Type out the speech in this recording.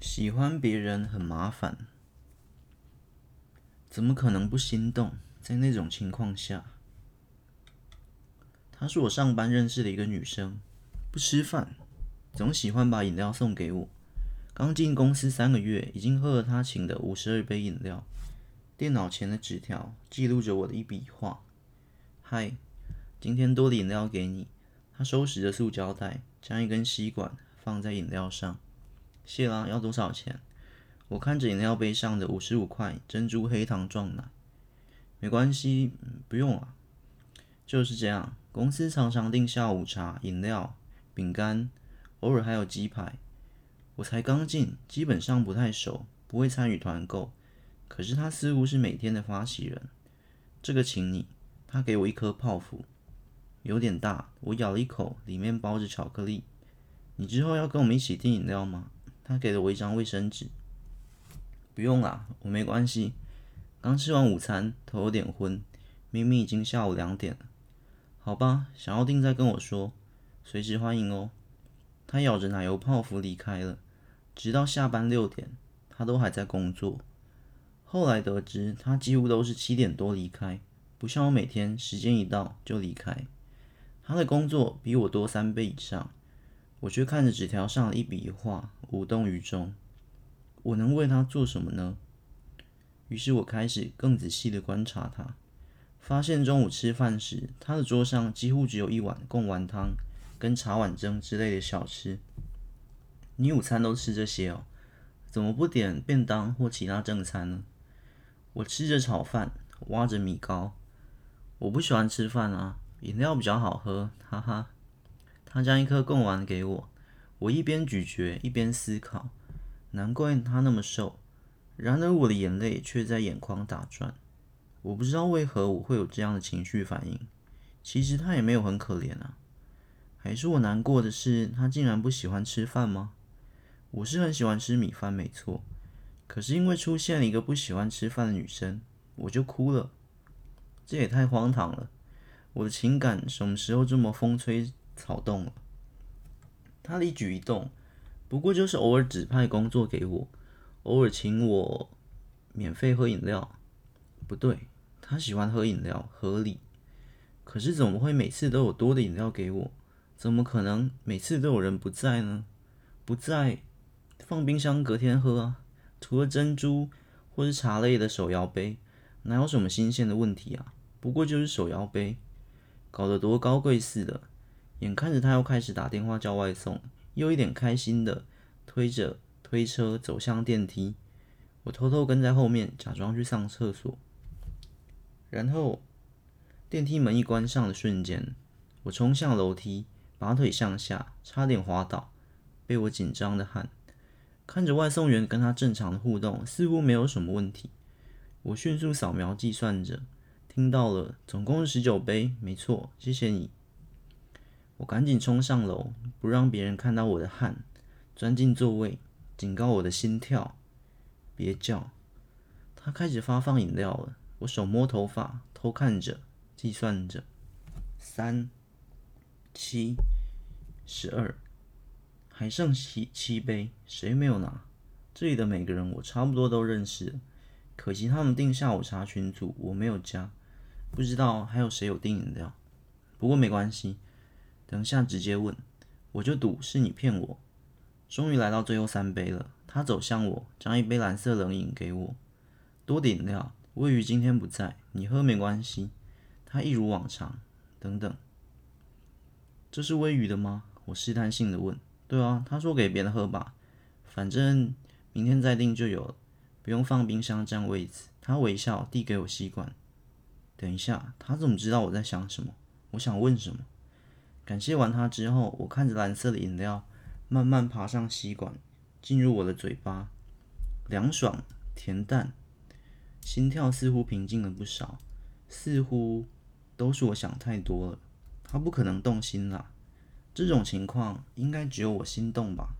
喜歡別人很麻煩，怎麼可能不心動？在那種情況下，她是我上班認識的一個女生，不吃飯，總喜歡把飲料送給我。剛進公司三個月，已經喝了她請的五十二杯飲料。電腦前的紙條記錄着我的一筆一劃。嗨，今天多的飲料給你。她收拾着塑膠袋，將一根吸管放在飲料上。謝啦，啊，要多少錢？我看着飲料杯上的五十五塊珍珠黑糖撞奶。沒關係，嗯，不用啦。就是這樣，公司常常訂下午茶、飲料、餅乾，偶爾還有雞排。我才剛進，基本上不太熟，不會參與團購。可是他似乎是每天的發起人。這個請你。他給我一顆泡芙，有點大，我咬了一口，裡面包着巧克力。你之後要跟我們一起訂飲料嗎？他給了我一張衛生紙，不用啦，我沒關係。剛吃完午餐，頭有點昏。明明已經下午兩點了，好吧，想要訂再跟我說，隨時歡迎哦。她咬着奶油泡芙離開了，直到下班六點，她都還在工作。後來得知，她幾乎都是七點多離開，不像我每天時間一到就離開。她的工作比我多三倍以上。我卻看着紙條上的一筆一畫，無動於衷。我能為他做什麼呢？於是我開始更仔細的觀察他，發現中午吃飯時，他的桌上幾乎只有一碗貢丸湯，跟茶碗蒸之類的小吃。你午餐都吃這些哦？怎麼不點便當或其他正餐呢？我吃着炒飯，挖着米糕。我不喜歡吃飯啊，飲料比較好喝，哈哈。他將一顆貢丸給我，我一邊咀嚼一邊思考，難怪他那麼瘦。然而我的眼淚卻在眼眶打轉。我不知道為何我會有這樣的情緒反應。其實他也沒有很可憐啊。還是我難過的是，他竟然不喜歡吃飯嗎？我是很喜歡吃米飯，沒錯。可是因為出現了一個不喜歡吃飯的女生，我就哭了。這也太荒唐了。我的情感什麼時候這麼風吹？草動了，他的一舉一動，不過就是偶爾指派工作給我，偶爾請我免費喝飲料。不對，他喜歡喝飲料，合理。可是怎麼會每次都有多的飲料給我？怎麼可能每次都有人不在呢？不在，放冰箱隔天喝啊。除了珍珠或是茶類的手搖杯，哪有什麼新鮮的問題啊？不過就是手搖杯，搞得多高貴似的。眼看着他又開始打電話叫外送，又一臉開心的推着推車走向電梯，我偷偷跟在後面，假裝去上廁所。然後電梯門一關上的瞬間，我衝向樓梯，拔腿向下，差點滑倒，被我緊張的汗。看着外送員跟他正常的互動，似乎沒有什麼問題。我迅速掃描計算着，聽到了，總共是十九杯，沒錯，謝謝你。趕緊衝上樓，不讓別人看到我的汗。鑽進座位，警告我的心跳，別叫。他開始發放飲料了。我手摸頭髮，偷看着，計算着：三、七、十二，還剩七七杯。誰沒有拿？這裡的每個人我差不多都認識。可惜他們訂下午茶群組，我沒有加。不知道還有誰有訂飲料。不過沒關係。等一下直接問，我就賭是你騙我。終於來到最後三杯了，他走向我，將一杯藍色冷飲給我，多的飲料。瑜威今天不在，你喝沒關係。他一如往常。等等，這是瑜威的嗎？我試探性的問。對啊，他說給別人喝吧，反正明天再訂就有了，不用放冰箱佔位子。他微笑遞給我吸管。等一下，他怎麼知道我在想什麼？我想問什麼？感謝完他之後，我看着藍色的飲料慢慢爬上吸管，進入我的嘴巴，涼爽、甜淡，心跳似乎平靜了不少，似乎都是我想太多了。他不可能動心啦，這種情況應該只有我心動吧。